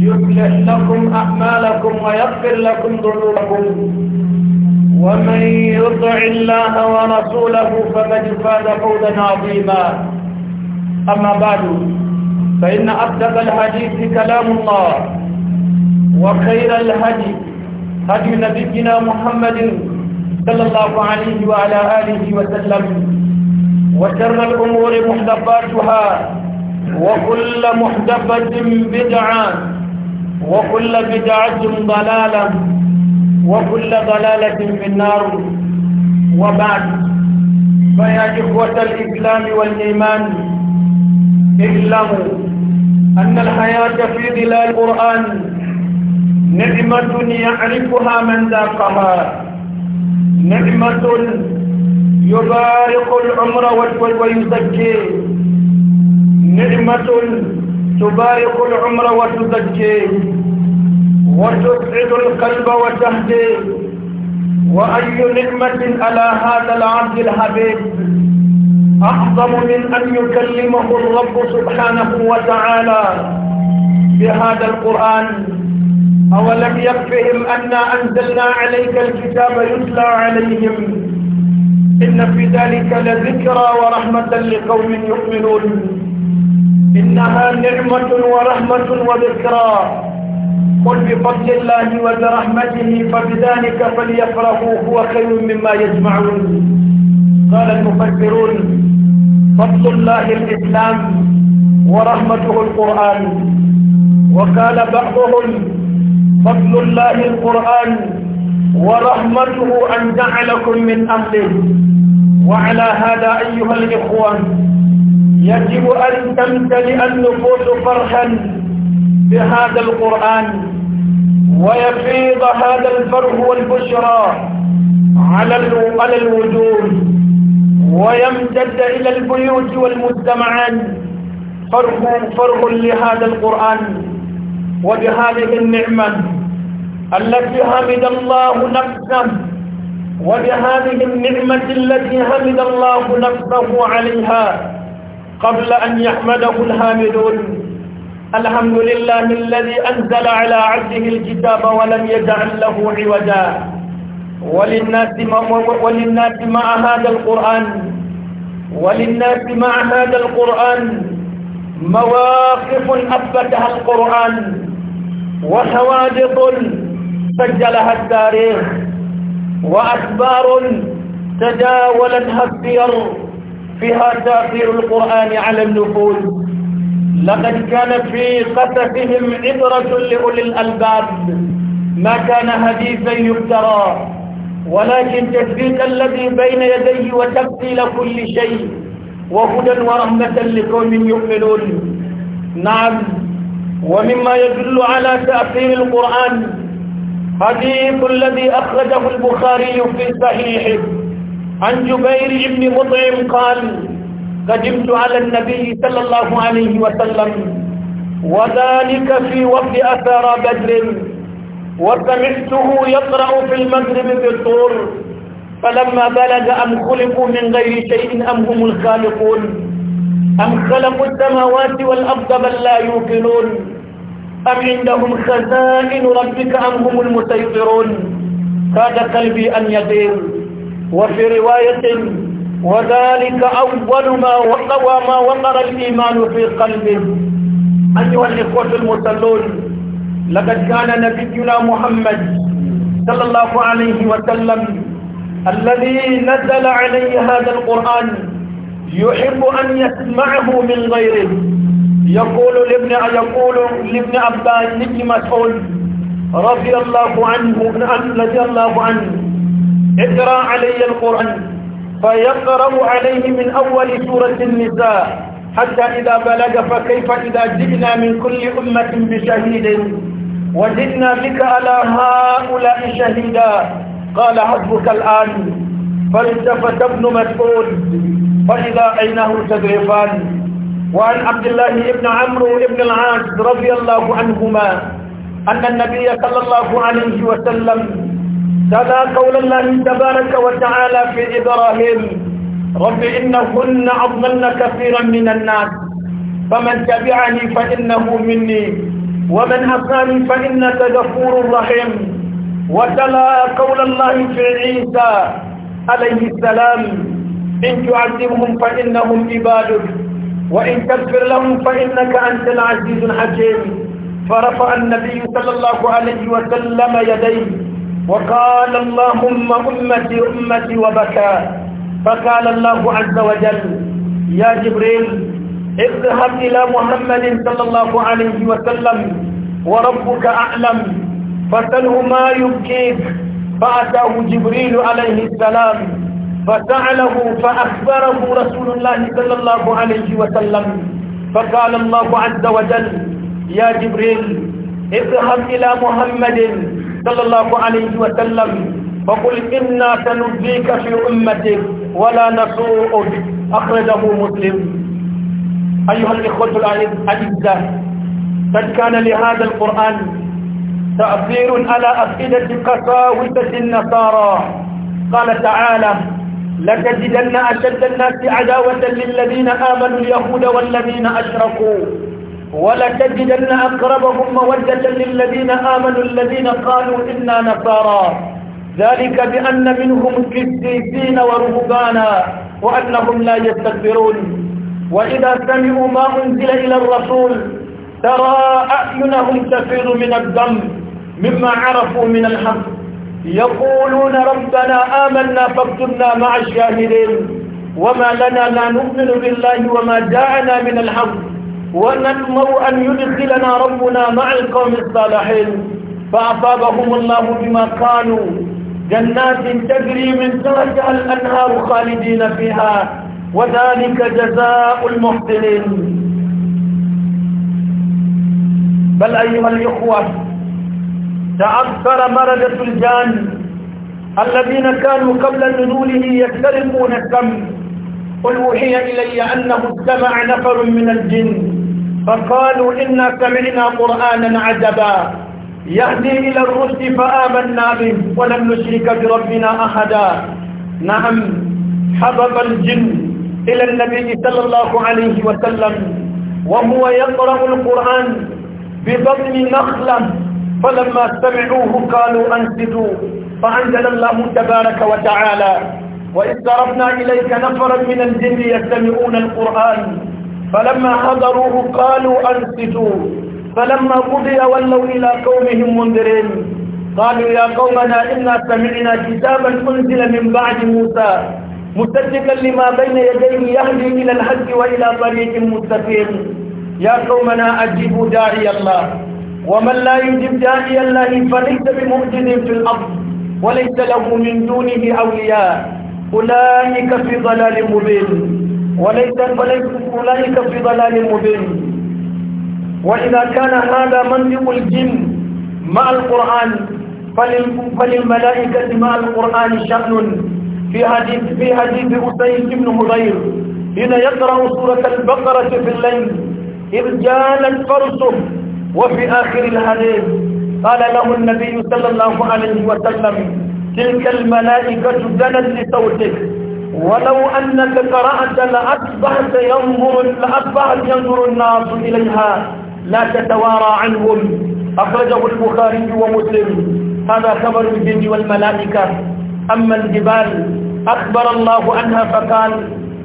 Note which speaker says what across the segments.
Speaker 1: يصلح لكم أعمالكم ويغفر لكم ذنوبكم ومن يطع الله ورسوله فقد فاز فوزا عظيما أما بعد فإن أصدق الحديث كلام الله وخير الهدي هدي نبينا محمد صلى الله عليه وعلى آله وسلم وشر الأمور محدثاتها وكل محدثة بدعة وكل بدعة ضلالة وكل ضلالة في النار وبعد فيا إخوة الإسلام والإيمان اعلموا أن الحياة في ظلال القرآن نعمة يعرفها من ذاقها نعمة يبارك العمر ويزكي نعمة تبارك العمر وتزكي وتسعد القلب وتهدي وأي نعمة على هذا العبد الحبيب أعظم من أن يكلمه الرب سبحانه وتعالى بهذا القرآن أولم يكفهم أنا أنزلنا عليك الكتاب يتلى عليهم إن في ذلك لذكرى ورحمة لقوم يؤمنون إنها نعمة ورحمة وذكرى قل بفضل الله وبرحمته فبذلك فليفرحوا هو خير مما يجمعون قال المفكرون فضل الله الإسلام ورحمته القرآن وقال بعضهم فضل الله القرآن ورحمته أن جعلكم من أهله وعلى هذا أيها الإخوان يجب أن تمتلئ النفوس فرحا بهذا القرآن ويفيض هذا الفرح والبشرى على على الوجود ويمتد إلى البيوت والمجتمعات فرح فرح لهذا القرآن وبهذه النعمة التي حمد الله نفسه وبهذه النعمة التي حمد الله نفسه عليها قبل أن يحمده الحامدون الحمد لله الذي أنزل على عبده الكتاب ولم يجعل له عوجا وللناس مع, وللناس مع هذا القرآن وللناس مع هذا القرآن مواقف أثبتها القرآن وحوادث سجلها التاريخ وأخبار تداولتها السير فيها تأثير القرآن على النفوس لقد كان في قصصهم عبرة لأولي الألباب ما كان حديثا يفترى ولكن تثبيت الذي بين يديه وتفصيل كل شيء وهدى ورحمة لقوم يؤمنون نعم ومما يدل على تأثير القرآن حديث الذي أخرجه البخاري في صحيحه عن جبير بن مطعم قال قدمت على النبي صلى الله عليه وسلم وذلك في وقت أثار بدر وسمعته يقرأ في المغرب بالطور فلما بلغ أم خلقوا من غير شيء أم هم الخالقون أم خلقوا السماوات والأرض بل لا يوقنون أم عندهم خزائن ربك أم هم المسيطرون كاد قلبي أن يطير وفي رواية وذلك أول ما وقوى ما وقر الإيمان في قلبه أيها الإخوة المصلون لقد كان نبينا محمد صلى الله عليه وسلم الذي نزل عليه هذا القرآن يحب أن يسمعه من غيره يقول لابن يقول لابن عباس بن مسعود رضي الله عنه رضي الله عنه اقرأ علي القرآن فيقرأ عليه من أول سورة النساء حتى إذا بلغ فكيف إذا جئنا من كل أمة بشهيد وجئنا بك على هؤلاء شهيدا قال حسبك الآن فالتفت ابن مسعود فإذا عينه تذرفان وعن عبد الله بن عمرو بن العاص رضي الله عنهما أن النبي صلى الله عليه وسلم تلا قول الله تبارك وتعالى في إبراهيم رب إنهن أضلن كثيرا من الناس فمن تبعني فإنه مني ومن أصاني فإنك غفور رحيم وتلا قول الله في عيسى عليه السلام إن تعذبهم فإنهم عبادك وإن تغفر لهم فإنك أنت العزيز الحكيم فرفع النبي صلى الله عليه وسلم يديه وقال اللهم أمتي أمتي وبكى فقال الله عز وجل يا جبريل اذهب إلى محمد صلى الله عليه وسلم وربك أعلم فساله ما يبكيك فأتاه جبريل عليه السلام فسأله فأخبره رسول الله صلى الله عليه وسلم فقال الله عز وجل يا جبريل اذهب إلى محمد صلى الله عليه وسلم وقل إنا سنجزيك في أمتك ولا نسوءك أخرجه مسلم أيها الإخوة الأعزاء قد كان لهذا القرآن تأثير على أفئدة قساوسة النصارى قال تعالى لتجدن أشد الناس عداوة للذين آمنوا اليهود والذين أشركوا ولتجدن أقربهم مودة للذين آمنوا الذين قالوا إنا نصارى ذلك بأن منهم كسيسين ورهبانا وأنهم لا يستكبرون وإذا سمعوا ما أنزل إلى الرسول ترى أعينهم تفيض من الدم مما عرفوا من الحق يقولون ربنا آمنا فاكتبنا مع الشاهدين وما لنا لا نؤمن بالله وما جاءنا من الحق ونأمر أن يدخلنا ربنا مع القوم الصالحين فأصابهم الله بما كانوا جنات تجري من تحتها الأنهار خالدين فيها وذلك جزاء المحسنين بل أيها الإخوة تأثر مردة الجان الذين كانوا قبل نزوله يخترقون السم قل أوحي إلي أنه استمع نفر من الجن فقالوا إنا سمعنا قرآنا عجبا يهدي إلى الرشد فآمنا به ولن نشرك بربنا أحدا نعم حبب الجن إلى النبي صلى الله عليه وسلم وهو يقرأ القرآن ببطن نخلة فلما سمعوه قالوا أنسدوا فأنزل الله تبارك وتعالى وإذ صرفنا إليك نفرا من الجن يستمعون القرآن فلما حضروه قالوا أنصتوا فلما قضي ولوا إلى قومهم منذرين قالوا يا قومنا إنا سمعنا كتابا أنزل من بعد موسى مصدقا لما بين يديه يهدي إلى الحج وإلى طريق مستقيم يا قومنا أجيبوا داعي الله ومن لا يجب داعي الله فليس بمؤجد في الأرض وليس له من دونه أولياء أولئك في ضلال مبين وليس أولئك في ضلال مبين وإذا كان هذا منطق الجن مع القرآن فللملائكة مع القرآن شأن في حديث في حديث أسيد بن حضير حين يقرأ سورة البقرة في الليل إذ جالت فرسه وفي آخر الحديث قال له النبي صلى الله عليه وسلم تلك الملائكة دنت لصوتك ولو أنك قرأت لأصبحت ينظر لأصبحت ينظر الناس إليها لا تتوارى عنهم أخرجه البخاري ومسلم هذا خبر الجن والملائكة أما الجبال أخبر الله عنها فقال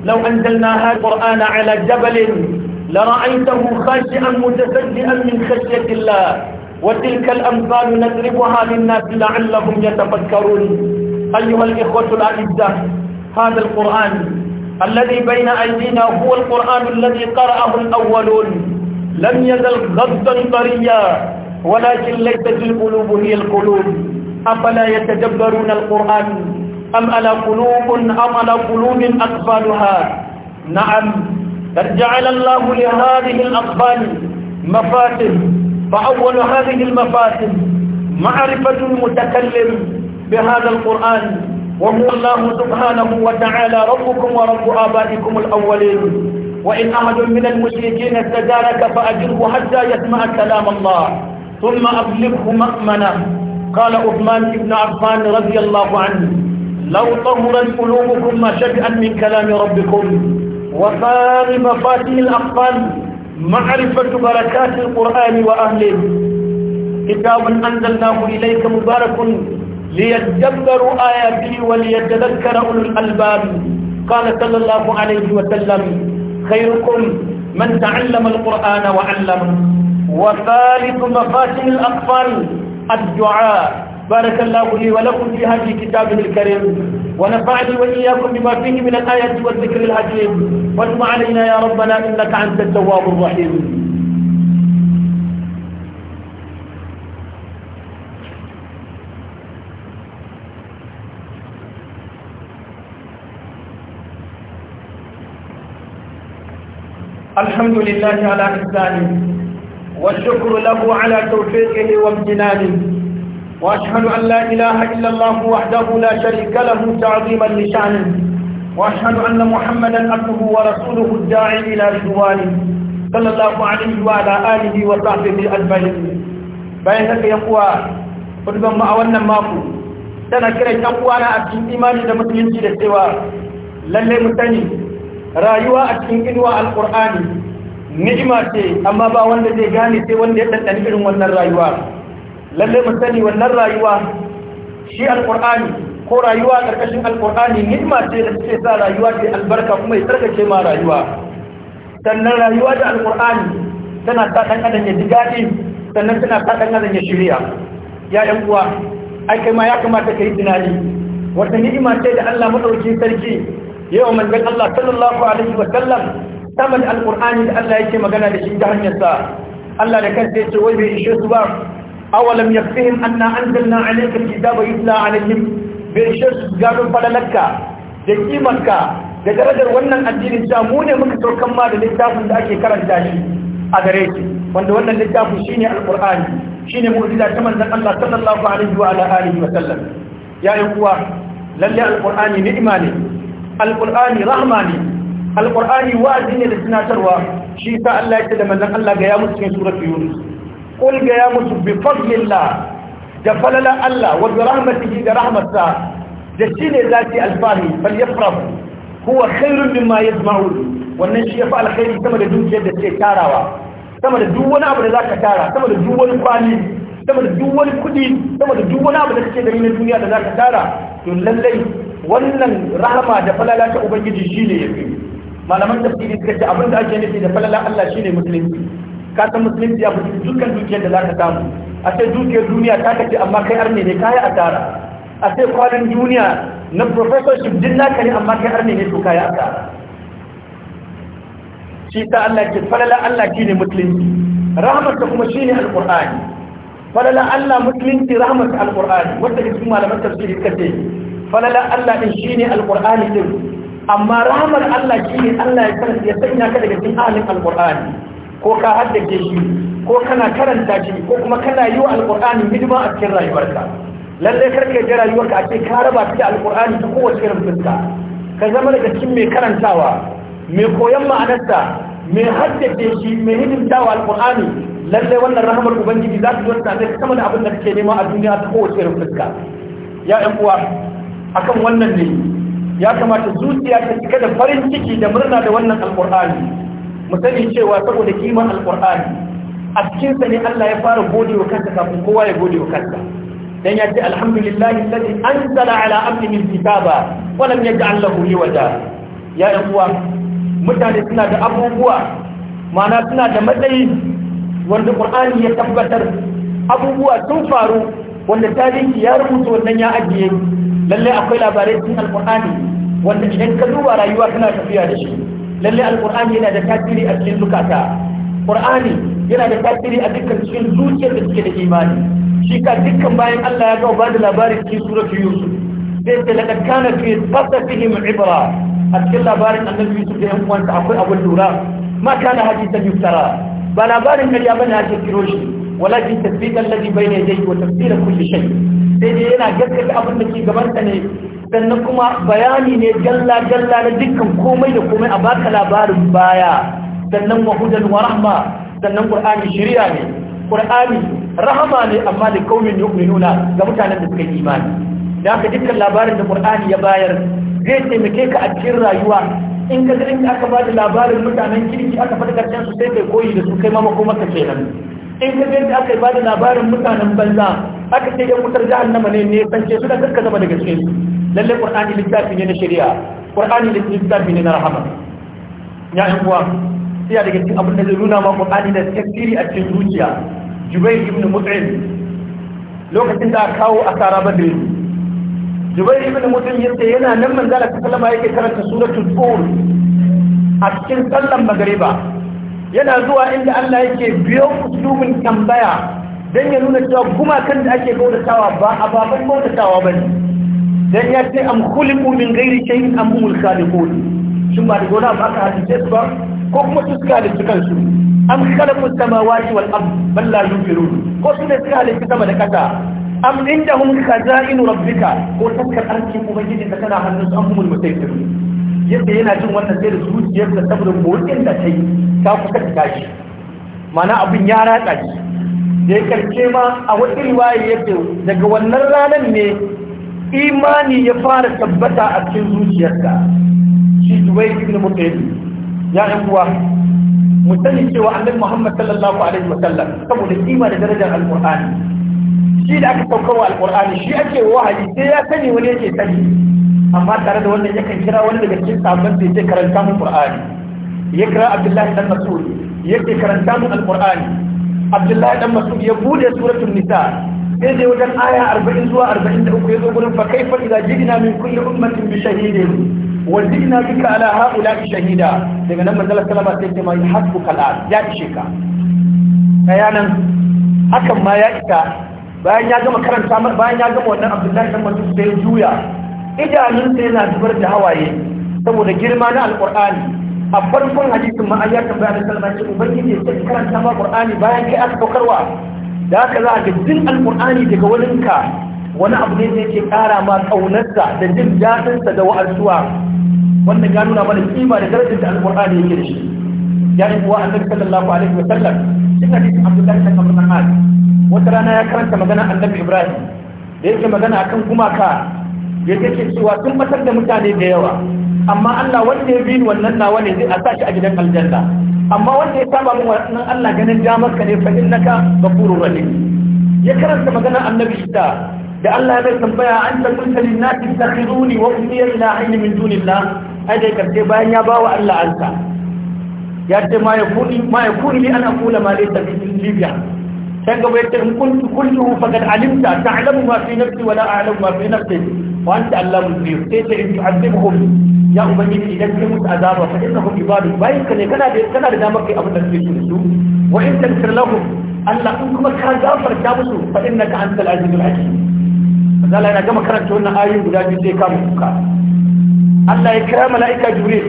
Speaker 1: لو أنزلنا هذا القرآن على جبل لرأيته خاشعا متسجئا من خشية الله وتلك الأمثال نضربها للناس لعلهم يتفكرون أيها الإخوة الأعزاء هذا القرآن الذي بين أيدينا هو القرآن الذي قرأه الأولون لم يزل غضا طريا ولكن ليست القلوب هي القلوب أفلا يتدبرون القرآن أم على قلوب أم على قلوب أقبالها نعم فجعل جعل الله لهذه الأقبال مفاتن فأول هذه المفاتن معرفة المتكلم بهذا القرآن وهو الله سبحانه وتعالى ربكم ورب آبائكم الأولين وإن أحد من المشركين استجارك فأجره حتى يسمع كلام الله ثم أبلغه مأمنا قال عثمان بن عفان رضي الله عنه لو طهرت قلوبكم شيئا من كلام ربكم وصار مفاتن الأقفال معرفة بركات القرآن وأهله كتاب أنزلناه إليك مبارك ليتدبروا آياته وليتذكر أولو الألباب قال صلى الله عليه وسلم خيركم من تعلم القرآن وعلمه وثالث مفاتن الأقفال الدعاء بارك الله لي ولكم في هذه كتابه الكريم ونفعني وإياكم بما فيه من الآيات والذكر الحكيم واسمع علينا يا ربنا إنك أنت التواب الرحيم الحمد لله على إحسانه والشكر له على توفيقه وامتنانه وأشهد أن لا إله إلا الله وحده لا شريك له تعظيما لشأنه وأشهد أن محمدا عبده ورسوله الداعي إلى رضوانه صلى الله عليه وعلى آله وصحبه أجمعين بينك يقوى قدما ما أولنا ماكو tana kiran ɗan uwana a cikin imani da musulunci da cewa lallai mu sani rayuwa a cikin inuwa alkur'ani ni'ima ce amma ba wanda zai gane sai wanda ya ɗanɗan irin wannan rayuwa lallai mu sani wannan rayuwa shi alƙur'ani ko rayuwa ƙarƙashin alkur'ani ni'ima ce da suke sa rayuwa ce albarka kuma ya tsarkake ma rayuwa sannan rayuwa da alƙur'ani tana sa ɗan adam ya ji daɗi sannan tana sa ɗan adam ya shirya ya ɗan uwa ai kai ma ya kamata ka yi tunani wata ni'ima ce da Allah madauki sarki yau manzon Allah sallallahu alaihi wa sallam saman alqur'ani da Allah yake magana da shi ta hanyar sa Allah da kansa ce wai bai ishe su ba awalam yakfihim anna anzalna alayka alkitaba yutla alaihim bai ishe su gano falalaka da kimarka da darajar wannan addinin sa mu ne muka saukan ma da littafin da ake karanta shi a gare shi wanda wannan littafin shine alqur'ani shine mu'jiza ta manzan Allah sallallahu alaihi wa sallam ya yi kuwa lalle alqur'ani ni'ima ne alqur'ani rahma ne alqur'ani wa'azi ne da sinatarwa shi sa Allah ya ce da manzon Allah ga ya musu cikin surat yunus qul ga ya musu bi fadlillah da falala Allah wa bi rahmatihi da rahmatsa da shi ne zaki alfani fal yafrahu huwa khairun mimma yajma'un wannan shi ya fi alkhairi sama da dukiyar da ke tarawa sama da duk wani abu da za ka tara sama da duk wani kwani, sama da duk wani kudi sama da duk wani abu da kake gani na duniya da za ka tara to lallai wannan rahama da falala ta ubangiji shine yafi malaman tafsiri suka ce abin da ake nufi da falala Allah shine musulunci ka san musulunci a fi dukkan dukiyar da zaka samu a sai dukiyar duniya ta kace amma kai arne ne kai asara a sai kwanan duniya na professorship din naka ne amma kai arne ne to kai asara shi ta Allah ke falala Allah shine musulunci rahmatar kuma shine alqur'ani falala Allah musulunci rahmat alqur'ani wanda cikin malaman tafsiri suka ce falalar Allah ɗin shi ne alƙur'ani ɗin amma rahamar Allah shi ne Allah ya sanya ka daga cikin ahalin alƙur'ani ko ka haddace shi ko kana karanta shi ko kuma kana yi wa alƙur'ani hidima a cikin rayuwarka lallai karka ji rayuwarka a ce ka raba ta alƙur'ani ta kowace irin fuska ka zama daga cikin mai karantawa mai koyon ma'anarsa mai haddace shi mai hidimta wa alƙur'ani lallai wannan rahamar ubangiji za ta zo ta sama da abin da kake nema a duniya ta kowace irin fuska ya ɗan uwa akan wannan ne ya kamata zuciya ta cika da farin ciki da murna da wannan alkur'ani mu sani cewa saboda kiman alkur'ani a cikin sa ne Allah ya fara gode wa kansa kafin kowa ya gode wa kansa dan ya ce alhamdulillahi alladhi anzala ala abdihi alkitaba wa lam yaj'al lahu liwaja ya dan uwa mutane suna da abubuwa ma'ana suna da matsayi wanda qur'ani ya tabbatar abubuwa sun faru wanda tarihi ya rubuta wannan ya ajiye Lallai akwai labarai cikin alkur'ani wanda idan ka duba rayuwa tana tafiya da shi lallai alkur'ani yana da tasiri a cikin zukata qur'ani yana da tasiri a dukkan cikin zuciyar da suke da imani shi ka dukkan bayan Allah ya ga ba da labarin cikin suratu yusuf sai da laqad kana fi qasasihim ibra a cikin labarin annabi yusuf da yan uwansa akwai abin lura ma kana hadisan yuftara ba labarin ƙarya bane ake kiro shi walakin tasdiqan ladhi bayna yadayhi wa tafsira kulli shay sai dai yana gaskata abin da ke gabanta ne sannan kuma bayani ne galla galla na dukkan komai da komai a baka labarin baya sannan mahudan wa rahma sannan qur'ani shari'a ne qur'ani rahama ne amma da kaumin yu'minuna ga mutanen da suka yi imani da haka dukkan labarin da qur'ani ya bayar zai taimake ka a cikin rayuwa in ka garin aka bada labarin mutanen kirki aka faɗi karshen su sai kai koyi da su kai ma makomaka kenan in ka garin aka bada labarin mutanen banza aka ce yan wutar jahannama ne ne sance su da kanka zama daga cikin su lalle qur'ani littafi ne na shari'a qur'ani littafi ne na rahama ya yan uwa iya daga cikin abin da zai nuna ma qur'ani da tafsiri a cikin zuciya jubair ibn mut'im lokacin da kawo asara badr jubair ibn mut'im yace yana nan manzala sallama yake karanta suratul tur a cikin sallan magriba yana zuwa inda Allah yake biyo usulun tambaya Dan ya nuna cewa gumakan da ake bautatawa ba a baban bautatawa ba ne don ya ce am khuliqu min ghairi shay'in am humul khaliqun shin ba da gona ba aka hadice su ba ko kuma su suka halitta kansu am khalaqu samawati wal ard bal la ko su ne suka halitta sama da kasa am indahum khaza'in rabbika ko taskar kuma ubangiji da kana hannun su an humul mutaifirun yadda yana jin wannan sai da zuciyarsa saboda motsin da ta yi ta kusa ta tashi mana abin ya ratsa shi da ya karshe ma a wata riwaya yake daga wannan ranar ne imani ya fara tabbata a cikin zuciyarsa shi duwai ibn mutayyib ya yi uwa mu sani cewa annabi Muhammad sallallahu alaihi wa sallam saboda kima da darajar alqur'ani shi da aka saukarwa alqur'ani shi ake wahayi sai ya sani wani yake sani amma tare da wannan yakan kira wani daga cikin sahabban sai ya karanta mu qur'ani ya kira Abdullahi dan Mas'ud yake karanta mu alqur'ani abdullahi dan masud ya bude suratul nisa sai dai wajen aya 40 zuwa 43 ya zo gurin fa kaifa idza jidna min kulli ummatin bi shahidin wa jidna bika ala haula'i shahida daga nan manzala sallama sai ce mai hakku kala ya ishe ka bayanan hakan ma ya ita bayan ya gama karanta bayan ya gama wannan abdullahi dan masud sai juya idanun sai yana zubar da hawaye saboda girma na alqur'ani a farkon hadisin ma ayya tambaya da sallama ce ubangiji ya sai karanta ma qur'ani bayan kai aka saukarwa da haka za ka ga jin alqur'ani daga wurinka wani abu ne da yake kara ma kaunarsa da jin sa da wa'azuwa wannan ya nuna mana kima da darajar da alqur'ani yake da shi ya yi kuwa annabi sallallahu alaihi wa sallam shi hadisin abdullahi ibn umar wata rana ya karanta magana annabi ibrahim da yake magana akan gumaka da yake cewa sun batar da mutane da yawa amma Allah wanda ya bin wannan nawa ne zai a sa shi a gidan aljanna amma wanda ya saba min wannan Allah ganin damar ka ne fa innaka ghafurur rahim ya karanta magana annabi Isa da Allah ya tambaya an ta kunta lin nas takhiruni wa ummi ilahin min dunillah ai dai kace bayan ya bawa Allah ansa ya ce ma yakuni ma yakuni li an aqula ma laysa bi libya sai gaba yace in kun kulluhu faqad alimta ta'lamu ma fi nafsi wa la a'lamu ma fi nafsi wa anta allamu al-ghuyub sai ta in tu'azzibuhum ya ubangiji idan kai musu azaba fa inna hum ibadu bayin ka ne kana da kana da damar kai abin da kake so su wa in taghfir lahum Allah in kuma ka gafarta musu fa innaka antal azizul hakim Allah yana gama karanta wannan ayoyin guda biyu sai ka muka Allah ya kira mala'ika Jibril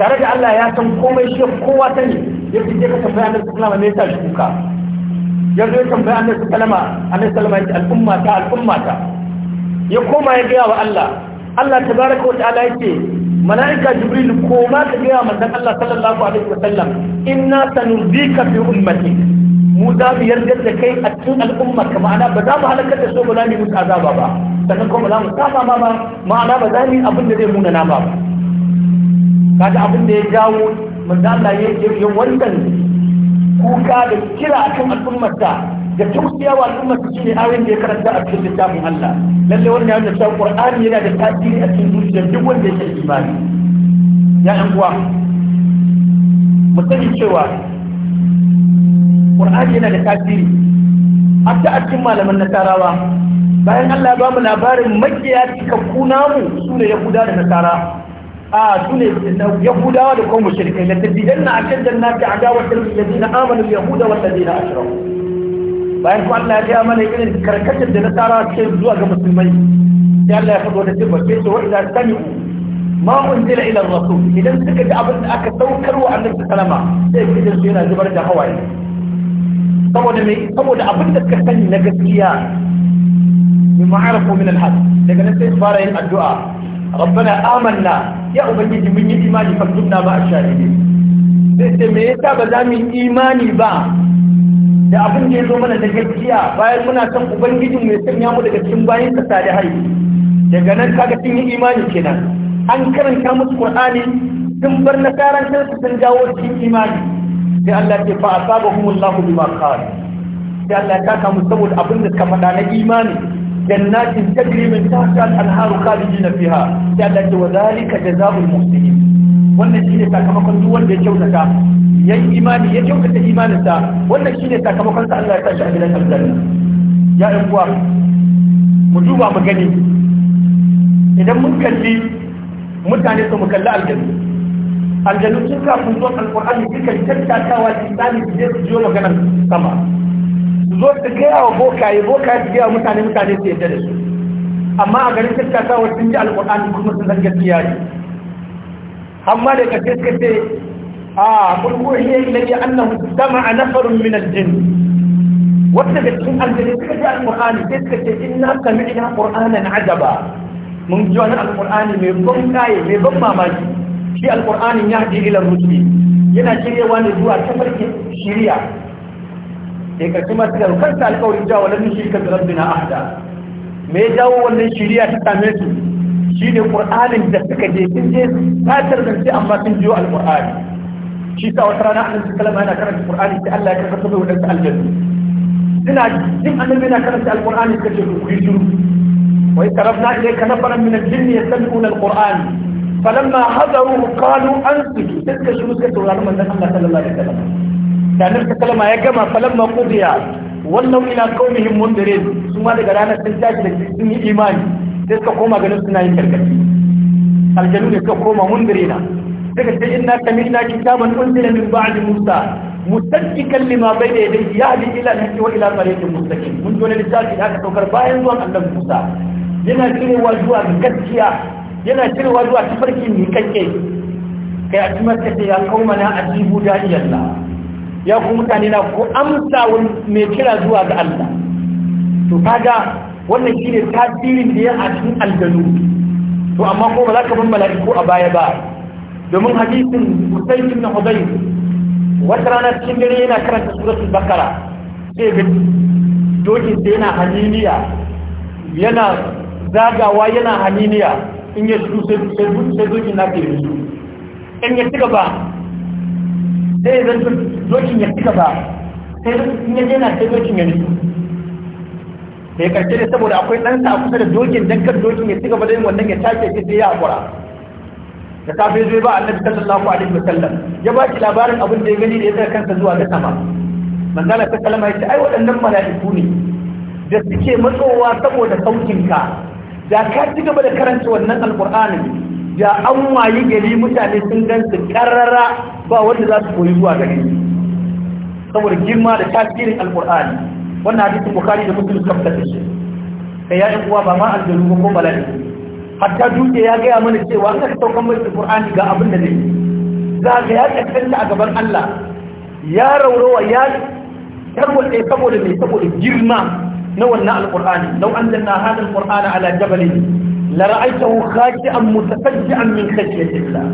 Speaker 1: tare da Allah ya san komai shi kowa sani ya fice ka tambaya annabi sallallahu alaihi wasallam me yasa shuka ya zo ya tambaya annabi sallallahu alaihi wasallam ya ce al'umma ta al'umma ta ya koma ya gaya wa Allah Allah tabaraka wa ta'ala yake mala'ika jibril ko ma ka gaya manzon Allah sallallahu alaihi wasallam inna sanuzika fi ummati mu za mu yarda da kai a cikin al'umma ka ma'ana ba za mu halakar da so ba za mu yi azaba ba sannan kuma za mu saba ma ba ma'ana ba za mu yi abin da zai muna na ba kaga abin da ya jawo manzo Allah ya yi wannan kuka da kira akan al'ummarsa da tausiya wa al'umma su shine ayoyin da ya karanta a cikin littafin Allah lalle wannan ya da cewa Qur'ani yana da tasiri a cikin zuciyar duk wanda yake imani ya an uwa mu sani cewa Qur'ani yana da tasiri hatta a cikin malaman nasarawa bayan Allah ya ba mu labarin makiya cikakku namu su ne Yahuda da Nasara a sune yahudawa da kuma mushrikai la tajidanna ashadda an-nasi adawatan lil ladina amanu yahuda wal ladina ashraku bayan kuma Allah ya gaya mana irin karkatar da na tara ke zuwa ga musulmai sai Allah ya faɗo da cewa sai su wa'ida sami'u ma unzila ila rasul idan suka ji abin da aka saukar wa annabi sallama sai su su yana zubar da hawaye saboda me saboda abin da suka sani na gaskiya min ma'arafu min al daga nan sai su fara yin addu'a rabbana amanna ya ubangiji mun yi imani fa kunna ba ashahidi sai sai me yasa ba za mu imani ba da abin da ya zo mana da gaskiya bayan muna san ubangijin mai sanya mu daga cikin bayan sa salihai daga nan kaga sun yi imani kenan an karanta musu qur'ani sun bar nasaran sai san jawo cikin imani sai Allah ke fa asabahumullahu bima qalu sai Allah ta kama saboda abin da suka faɗa na imani al-anharu khalidina fiha الانهار Allah فيها wa zalika jazaa'ul المحسنين wannan shine sakamakon duk wanda ya kyautata ya yi imani ya kyautata imaninsa wannan shine sakamakon sa Allah ya sa shi a gidan aljanna ya ɗan kuwa mu duba mu gani idan mun kalli mutane su mu kalli aljanu aljanu sun kafin zuwa alƙur'ani su kan tattakawa da su je su jiyo maganar sama su zo su gaya wa bokaye bokaye su gaya mutane mutane su yadda da su amma a garin tattakawa sun ji alƙur'ani kuma sun san gaskiya ne amma da kashe kashe a kulku hiya ilai annahu dama nafarun min al-jinn wanda da cikin aljini suka ji alƙur'ani sai suka ce inna sami'na qur'anan ajaba mun ji wani alƙur'ani mai ban kaye mai ban mamaki shi alƙur'anin ya ji ila rusuli yana shiryawa ne zuwa tafarkin shirya sai ka kuma da kansa alƙawarin jawo lamin shirka da ahda me ya jawo wannan shirya ta same su shine qur'anin da suka je sun je fatar zance amma sun jiyo alƙur'ani shi sa wata rana annabi sallama yana karanta qur'ani sai Allah ya karanta mai wadansu aljannu ina jin annabi yana karanta alqur'ani suka ce ku yi shiru wa tarafna ilayka nafaran min al-jinni yastami'una al-qur'an falamma hadaru qalu ansitu suka shiru suka saurari manzon Allah sallallahu alaihi wasallam da annabi sallama ya gama falamma qudiya wannan ila qaumihim mundirin su ma daga ranar sun tashi da sun yi imani sai suka koma ganin suna yin karkashi aljanu ne suka koma mundirina daga ce inna kamilna kitaban unzila min ba'di musa musaddiqan lima bayna yadayhi yahdi ila al-haqqi wa ila tariqin mustaqim mun dole littafi da aka saukar bayan zuwan annabi musa yana cire wa zuwa ga gaskiya yana cire wa zuwa tafarki mai kake kai a cikin kace ya kaumana ajibu da'iyallah ya ku mutane na ku amsa mai kira zuwa ga Allah to kaga wannan shine tasirin da ya a cikin aljanu to amma ko ba za ka bin mala'iku a baya ba domin hadisin Usayd ibn Hudayr wata rana cikin dare yana karanta suratul bakara, sai ga dokin sai yana haniniya yana zagawa yana haniniya in ya shiru sai sai dokin na ke rusu in ya ci gaba sai zan dokin ya ci gaba sai in ya yana sai dokin ya rusu sai karshe da saboda akwai ɗansa a kusa da dokin dan kar dokin ya ci gaba da yin wannan ya take sai ya hakura da safe zai ba annabi sallallahu alaihi wasallam ya ba shi labarin abin da ya gani da ya tsaya kansa zuwa ga sama manzala ta kalama yace ai waɗannan mala'iku ne da suke matsowa saboda saukin ka da ka ci gaba da karanta wannan alqur'ani da an wayi gari mutane sun gan su karara ba wanda za su koyi zuwa gare saboda girma da tasirin alqur'ani wannan hadisin bukhari da muslim suka shi kai ya uwa ba ma aljanu ko mala'iku hatta dutse ya gaya mana cewa an ka saukan mai ga abin da zai za ka ya tsalla a gaban Allah ya raurawa ya tarwace saboda mai saboda girma na wannan alqur'ani law anzalna hadha alqur'ana ala jabalin la ra'aytahu khashi'an mutasajjian min khashyati Allah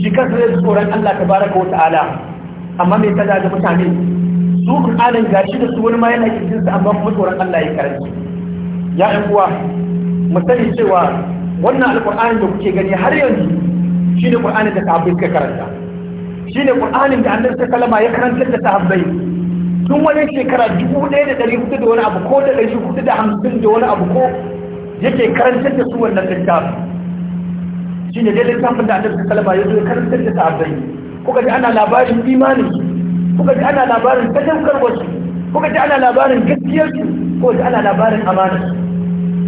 Speaker 1: shi kasar tsoron Allah tabaraka wa ta'ala amma mai kaza ga mutane su Qur'anin gashi da su wani ma yana kirkin sa amma kuma tsoron Allah ya karanci ya ɗan uwa mu sani cewa wannan alƙur'anin da kuke gani har yanzu shine ƙur'anin da sahabbai suka karanta shine ƙur'anin da annabi sallama ya karanta da sahabbai tun wani shekara dubu ɗaya da ɗari hudu da wani abu ko da ɗari hudu da hamsin da wani abu ko yake karantar da su wannan littafi shi ne dai littafin da annabi sallama ya zo ya karantar da sahabbai kuka ji ana labarin imanin kuka ji ana labarin sadaukarwar wasu, kuka ji ana labarin gaskiyar su ko ji ana labarin amanar su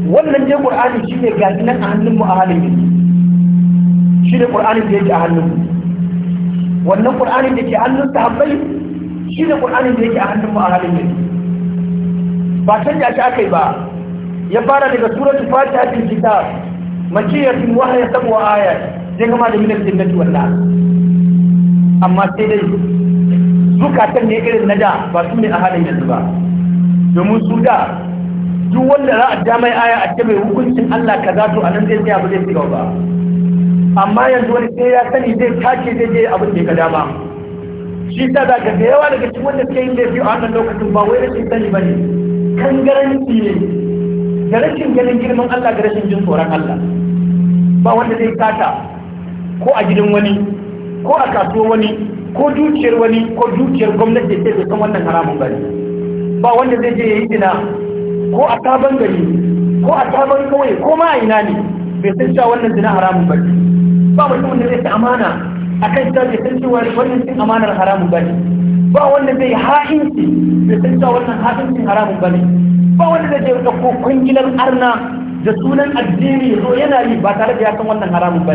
Speaker 1: wannan dai qur'ani shi ne gashi nan a hannun mu a halin shi ne qur'anin da yake a hannun wannan qur'anin da ke hannun sahabbai shi ne qur'anin da yake a hannun mu a halin yanzu. ba canja shi akai ba ya fara daga suratul fatiha til kitab makiyatin wa hiya sabu ayat zai kama da minal jannati wal nar amma sai dai zukatan ne irin na da ba su ne a halin yanzu ba domin su da duk wanda za a ja mai aya a ce mai hukuncin Allah ka kaza to nan zai tsaya ba zai ba amma yanzu wani sai ya sani zai tashi zai je abin da ya dama shi ta za ka yawa daga cikin wanda suke yin laifi a wannan lokacin ba wai rashin sani ba ne kangaranci ne ga rashin ganin girman Allah da rashin jin tsoron Allah ba wanda zai kata ko a gidan wani ko a kasuwar wani ko dukiyar wani ko dukiyar gwamnati sai bai san wannan haramun ba ne ba wanda zai je ya yi ko a sabon gari ko a sabon kawai ko ma ina ne bai san cewa wannan zina haramun ba ba mutumin wanda zai ta amana a akan cewa bai san cewa wannan cin amanar haramun ba ba wanda zai ha'inci bai san cewa wannan ha'incin haramun ba ba wanda zai je ɗauko kungilar arna da sunan addini zo yana yi ba tare da ya san wannan haramun ba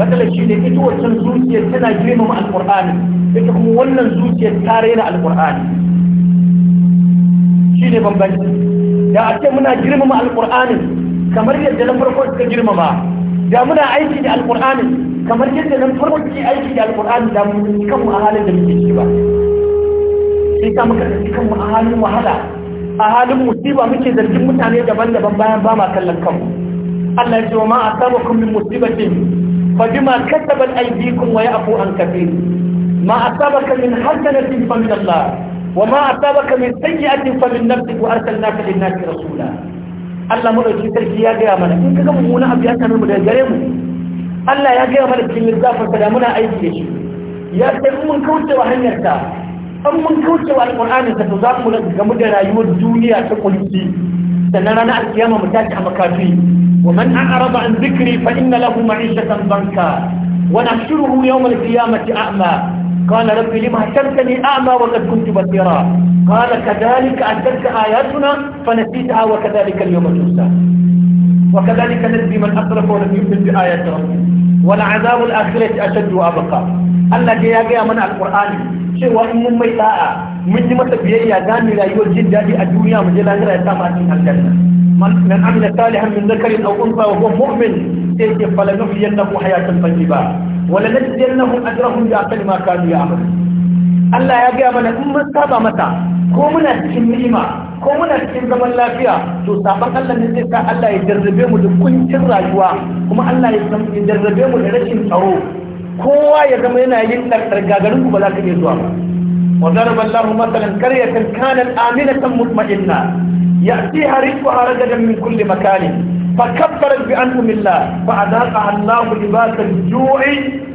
Speaker 1: matsalar shi ne ita wancan zuciyar tana girmama alƙur'ani ita kuma wannan zuciyar ta raina alƙur'ani shi ne bambanci da ake ce muna girmama alƙur'ani kamar yadda na farko suka girmama da muna aiki da alƙur'ani kamar yadda na farko suke aiki da alƙur'ani da mu tsinci kanmu a halin da muke ciki ba sai ta muka da kanmu a halin wahala a halin musiba muke zargin mutane daban-daban bayan ba ma kallon kanmu Allah ya ce wa ma asabakum min musibatin fa bima kasabat aydikum wa ya'fu an kathir ma asabaka min hasanatin fa min Allah وما أصابك من سيئة فمن نفسك وأرسلناك للناس رسولا Allah madauki sarki ya gaya mana in kaga mummuna abu ya same mu da gare mu Allah ya gaya mana cikin littafin da muna aiki da ya sai mun kauce wa hanyar ta an mun kauce wa alqur'anin ta to za gamu da rayuwar duniya ta kunci sannan ranar alkiyama mu tashi a makafi wa man a'rada an dhikri fa inna lahu ma'ishatan banka wa nahshuruhu yawm al-qiyamati a'ma قال رب لما حشرتني أعمى وقد كنت بصيرا قال كذلك أتتك آياتنا فنسيتها وكذلك اليوم تنسى وكذلك نجزي من أسرف ولم يؤمن بآيات ربه ولعذاب الآخرة أشد وأبقى الله يا جاء من القرآن شيء وإن من من متى بيئة دامي لا يوجد دادي الدنيا مجلان رأيتها ما تنهى الجنة من عمل صالحا من ذكر أو أنثى وهو مؤمن فلنحيينه حياة طيبة ولنجزينهم أجرهم بأحسن ما كانوا يعملون Allah ya gaya mana in mun saba mata ko muna cikin ni'ima ko muna cikin zaman lafiya to saban Allah ne zai sa Allah ya jarrabe mu da kuncin rayuwa kuma Allah ya jarrabe mu da rashin tsaro kowa ya zama yana yin gagarin ku ba za ka iya zuwa ba wa daraba Allah masalan qaryatan kanat aminatan mutma'inna يأتيها رزقها رجلا من كل مكان فكبرت بأنهم الله فأذاقها الله لباس الجوع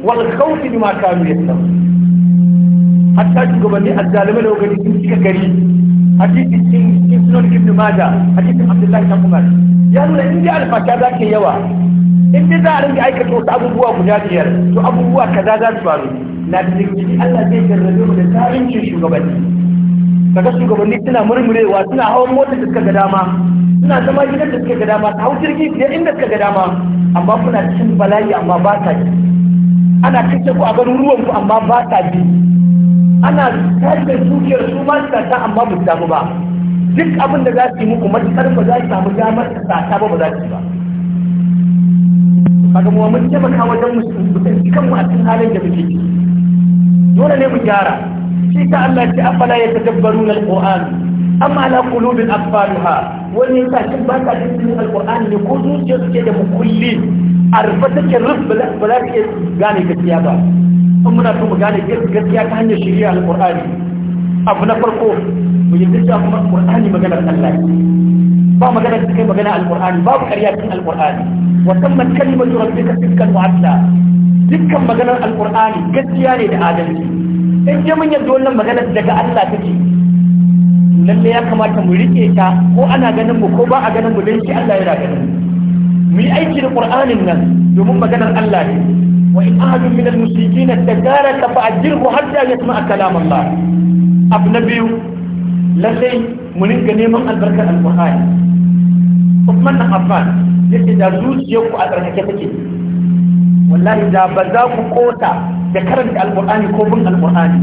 Speaker 1: والخوف بما كانوا يكسبون hatta shugabanni azzalimai da wani sun cika gari hadisi cikin sunan ibn maja abdullahi dan ya nuna in dai alfasha za ke yawa in dai za a rinka aikata wasu abubuwa guda biyar to abubuwa kaza za su faru na da Allah zai jarrabe mu da zalincin shugabanni kaga shugabanni suna murmurewa suna hawan motar da suka ga dama suna zama gidan da suka ga dama ta hau jirgi fiye inda suka ga dama amma kuna cikin bala'i amma ba ta bi ana kace ku a garuruwan ku amma ba ta bi ana kashe dukiyar su ma su ta amma ba su samu ba duk abin da za su yi muku matuƙar ba za su samu damar su ta ba ba za su yi ba kaga mu mun taimaka wajen musulmi kan mu a cikin halin da muke ciki dole ne mu gyara shi ta Allah ce afala ya tadabbaruna alquran amma ala qulubin aqfaluha wani yasa kin ba ka cikin alquran ne ko zuciya suke da mukulli arfa take rub ba za ka gane gaskiya ba in muna so mu gane gaskiya ta hanyar shirya alqurani abu na farko mu yi gaskiya kuma alqurani maganar Allah ba magana cikin kai magana alqurani ba ƙarya cikin alqurani wa tammat kalimatu rabbika sidqan wa dukkan maganar alkur'ani gaskiya ne da adalci in je mun yadda wannan maganar daga Allah take lalle ya kamata mu rike ta ko ana ganin mu ko ba a ganin mu dan shi Allah yana ganin mu yi aiki da qur'anin nan domin maganar Allah ne wa in ahadun min al-muslimin ta fa ajirhu hatta yasma'a kalam Allah abu biyu lalle mu rinka neman albarkar alkur'ani Uthman Affan yace da zuciyarku a tsarkake take wallahi da ba za ku kota da karanta alqur'ani ko bin alqur'ani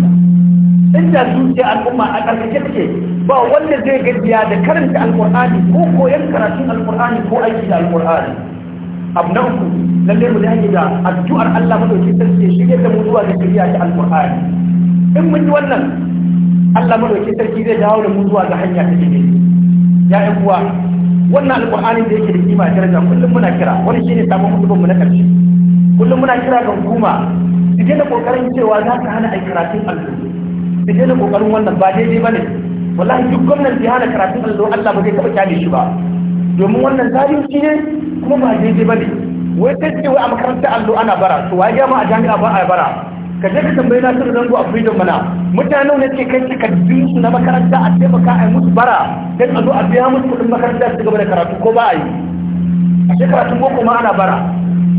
Speaker 1: inda zuciya al'umma a ƙarƙashe take ba wanda zai gajiya da karanta alqur'ani ko koyon karatun alqur'ani ko aiki da alqur'ani abu na uku lalle mu dage da addu'ar Allah madauki sarki shirye da mu zuwa ga shirya ta alqur'ani in mun yi wannan Allah madauki sarki zai dawo da mu zuwa ga hanya ta gidi ya ɗan uwa wannan alqur'ani da yake da kima daraja kullum muna kira wani shine sabon kutubin mu na ƙarshe kullum muna kira ga hukuma su da kokarin cewa za ka hana karatun allo su da kokarin wannan ba daidai ba ne wallahi duk gwamnati hana karatun allo allah ba zai taɓa kyale shi ba domin wannan zalunci ne kuma ba daidai ba ne wai sai ce wai a makarantar allo ana bara to ya ma a jami'a ba a bara ka je ka tambayi na sun zango a freedom mana mutanen ne ke kai takardun su na makaranta a taimaka a musu bara dan a zo a biya musu kuɗin makaranta su gaba da karatu ko ba a yi a shekaratun boko ma ana bara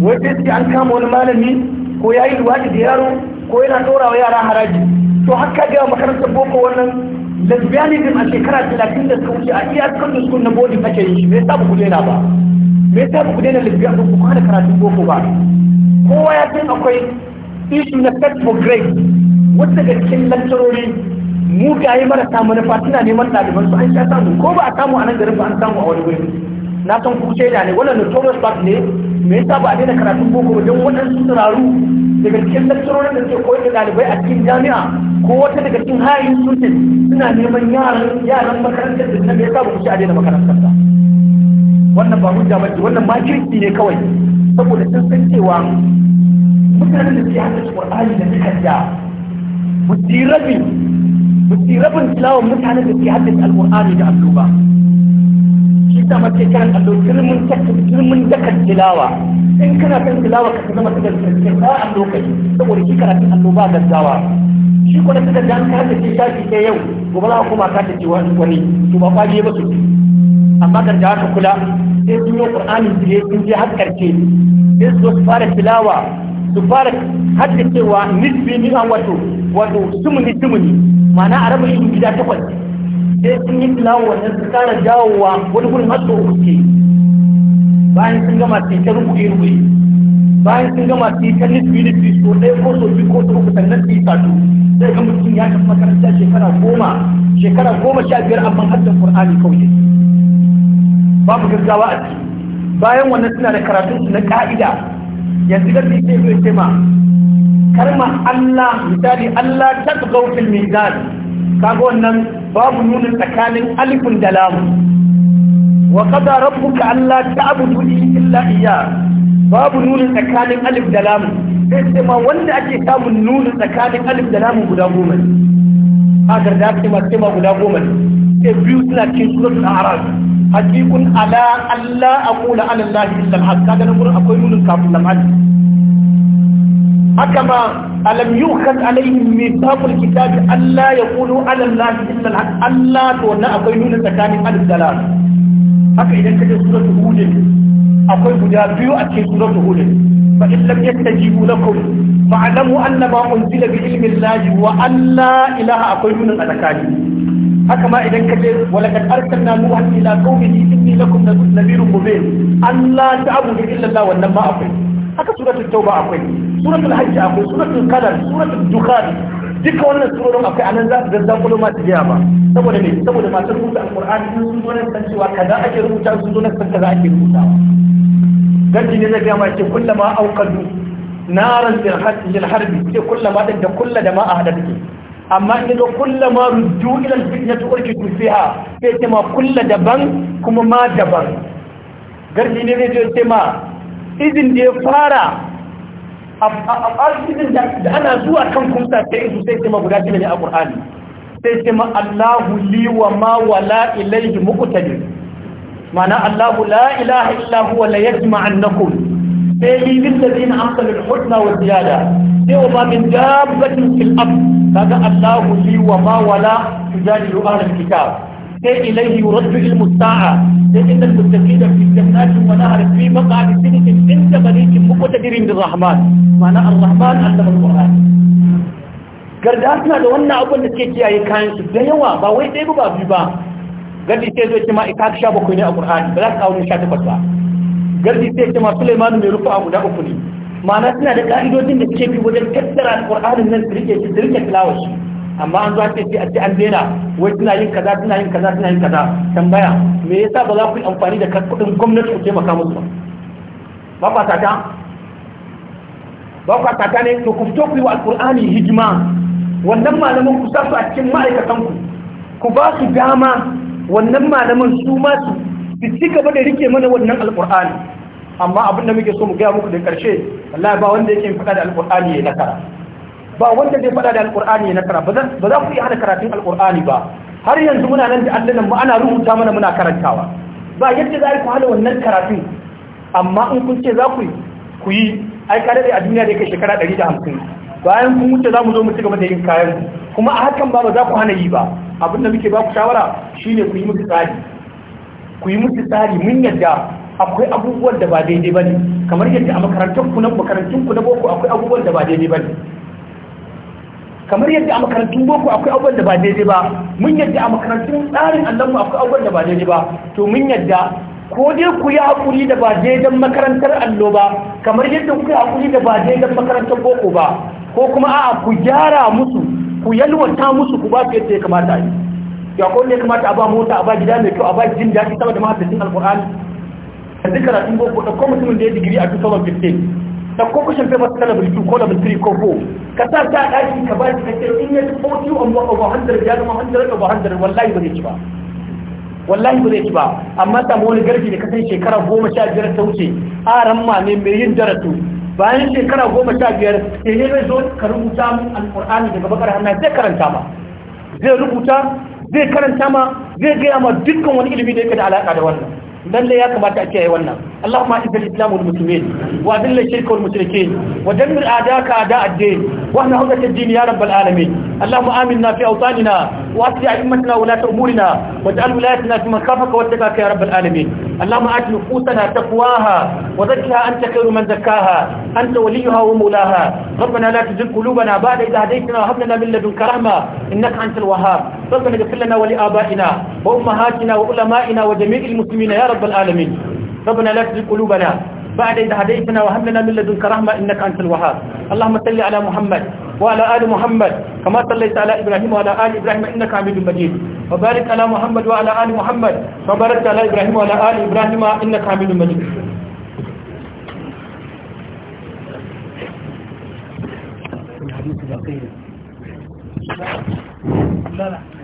Speaker 1: wai sai suke an kama wani malami ko ya yi luwaɗi da yaro ko yana ɗora wa yara haraji to haka ga makarantar boko wannan lesbianism a shekara talatin da suka wuce a iya secondary school na boarding ake yi me yasa ba ku daina ba me sabu ba ku daina lesbian ba ku kwana karatun boko ba kowa ya san akwai issue na set for grace wata daga cikin lantarori yi marasa manufa suna neman ɗaliban su an sha samu ko ba a samu a nan garin ba an samu a wani wuri na san ku shaida ne wannan notorious fact ne me yasa ba a daina karatun boko don waɗansu turaru daga cikin lecturorin da suke koyar da ɗalibai a cikin jami'a ko wata daga cikin hayin sunan suna neman yaran yaran makarantar da nan me yasa ba ku ce a daina makarantar ba wannan ba hujja ba wannan ma kirki ne kawai saboda sun san cewa mutanen da suke haddace Qur'ani da takarda mutirabi mutirabin tilawa mutanen da suke haddace Al-Qur'ani da alluba ita da mace kiran allo girman girman dakar tilawa in kana kan tilawa ka zama ka ba a lokaci saboda shi karatun allo ba gaggawa shi kuma suka ga ka ta ce shafi ke yau gobe za kuma ka ta ce wani to ba kwaje ba su amma kan da haka kula sai sun yi qur'ani su je sun je har karshe sai su fara tilawa su fara haddacewa nisbi ni an wato wato sumuni sumuni ma'ana a raba shi gida takwas sai sun yi filawo wannan su tsara jawowa wani gurin matso sau ke bayan sun gama sai ta rubuce rubuce bayan sun gama sai ta nufi nufi so ɗaya ko so biyu ko so uku sannan su yi sato sai ga mutum ya tafi makaranta shekara goma shekara goma sha biyar amma haddan qur'ani kawai babu gaggawa a ciki bayan wannan suna da karatun su na ka'ida yanzu da su yi ma kalma Allah misali Allah ta tsogau fil mizan kaga wannan babu nuna tsakanin alifin da lamu wa qada rabbuka alla ta'budu illa iya babu nuna tsakanin alif da lamu sai ma wanda ake samun nuna tsakanin alif da lamu guda goma hagar da ake masu ma guda goma sai biyu suna cikin suratul a'raf haqiqun ala alla aqula ala allahi illa al-haq kaga nan gurin akwai nunin kafin lam'ati haka ma alam yukan alaihim mithaqul kitabi alla yaqulu Allah to akwai nuna tsakanin alif da lam haka idan kaje suratul hud akwai guda biyu a cikin suratul fa in lam yastajibu lakum fa'lamu annama unzila bi ilmi wa an ilaha akwai nuna tsakanin haka ma idan ka ce walakad arsalna nuha ila qaumihi inni lakum nadhirun mubin Allah abu illa Allah wannan ma akwai haka suratul tauba akwai suratul hajji akwai suratul kadar suratul dukhan duka wannan surorin akwai anan za su zazza kudu su biya ba saboda ne saboda masu rubuta alqur'ani sun zo nan san cewa kaza ake rubuta sun zo nan san kaza ake rubutawa ganji ne zai ga ma ce kullama auqadu naran fil hajji al harbi ce kullama din da kulla da ma a hada take amma in zo kullama ruju ila al fitnatu urkitu fiha sai ce ma kullu daban kuma ma daban garji ne zai ce ma izin da ya fara al'adun da ana zuwa kan kumsa sai su sai ce ma guda shida ne a ƙur'ani. sai ce ma Allahu li wa ma wa la ilayhi ma'ana Allahu la ilaha illa huwa la yajma'annakum sai li lil ladina na al-husna wa ziyada sai wa ma min dabbatin fil kaga Allahu li wa ma wa la tujadilu kitab sai ilaihi yuraddu ilmu sa'a sai inda mustaqida fi jannatin wa nahar fi maqadi sidiqin inda ta muqtadirin bir rahman mana ar-rahman allama al-qur'an garda suna da wannan abun da suke kiyaye kayan su da yawa ba wai ɗaya ba biyu ba gardi sai zai ce ma ita sha bakwai ne a qur'ani ba za ka wani sha takwas ba gardi sai ce ma sulaimanu mai rufa guda uku ne ma'ana suna da ka'idodin da suke bi wajen tattara qur'anin nan su rike shi su rike tilawar amma an zo an ce a ce an daina wai suna yin kaza suna yin kaza suna yin kaza tambaya me yasa ba za ku yi amfani da kuɗin gwamnati ku taimaka musu ba ba kwa tata ba kwa tata ne to ku fito ku yi wa alƙur'ani hijima wannan malamin ku sa su a cikin ma'aikatan ku ku ba su dama wannan malaman su ma su ci gaba da rike mana wannan alƙur'ani amma abin da muke so mu gaya muku da ƙarshe wallahi ba wanda yake faɗa da alƙur'ani ya nasara ba wanda zai faɗa da alƙur'ani na kara ba za ku iya hana karatun alƙur'ani ba har yanzu muna nan da allunan mu ana rubuta mana muna karantawa ba yadda za ku hana wannan karatun amma in kun ce za ku yi ku yi ai kare da a duniya da kai shekara 150 bayan kun wuce za mu zo mu ci gaba da yin kayan kuma a hakan ba ba za ku hana yi ba abin da muke ba ku shawara shine ku yi musu tsari ku yi musu tsari mun yadda akwai abubuwan da ba daidai bane kamar yadda a makarantunku na makarantun ku na boko akwai abubuwan da ba daidai bane kamar yadda a makarantun boko akwai abubuwan da ba daidai ba mun yadda a makarantun tsarin allonmu akwai abubuwan da ba daidai ba to mun yadda ko dai ku yi hakuri da ba daidan makarantar allo ba kamar yadda ku yi hakuri da ba daidan makarantar boko ba ko kuma a'a ku gyara musu ku yalwata musu ku ba su yadda ya kamata yi ya ko ne kamata a ba mota a ba gida mai kyau a ba jin daɗi sama da alkurani a karatun boko da ko mutumin da ya digiri a 2015 da ko kushin paper ta level 2 ko level 3 ko 4 ka sa ta daki ka ba shi kake in ya ci 40 on wa over 100 ya zama 100 over 100 wallahi ba zai ci ba wallahi ba zai ci ba amma samu wani garbi ne kasan shekara goma sha biyar ta wuce a ramma ne mai yin daratu bayan shekara goma sha biyar sai ne zai zo ka rubuta min alƙur'ani daga bakar hannu zai karanta ma zai rubuta zai karanta ma zai gaya ma dukkan wani ilimi da yake da alaƙa da wannan lallai ya kamata a kiyaye wannan اللهم اعز الاسلام والمسلمين واذل الشرك والمشركين ودمر اعداءك اعداء الدين واحنا عودة الدين يا رب العالمين اللهم امنا في اوطاننا واسع ائمتنا ولاة امورنا واجعل ولايتنا في من خافك واتقاك يا رب العالمين اللهم ات نفوسنا تقواها وزكها انت خير من زكاها انت وليها ومولاها ربنا لا تزغ قلوبنا بعد اذ هديتنا وهب لنا من لدنك رحمه انك انت الوهاب ربنا اغفر لنا ولابائنا وامهاتنا وعلمائنا وجميع المسلمين يا رب العالمين ربنا لا تزغ قلوبنا بعد إذا هديتنا وهب لنا من لدنك رحمة إنك أنت الوهاب اللهم صل على محمد وعلى آل محمد كما صليت على إبراهيم وعلى آل إبراهيم إنك حميد مجيد وبارك على محمد وعلى آل محمد باركت على إبراهيم وعلى آل إبراهيم إنك حميد مجيد لا لا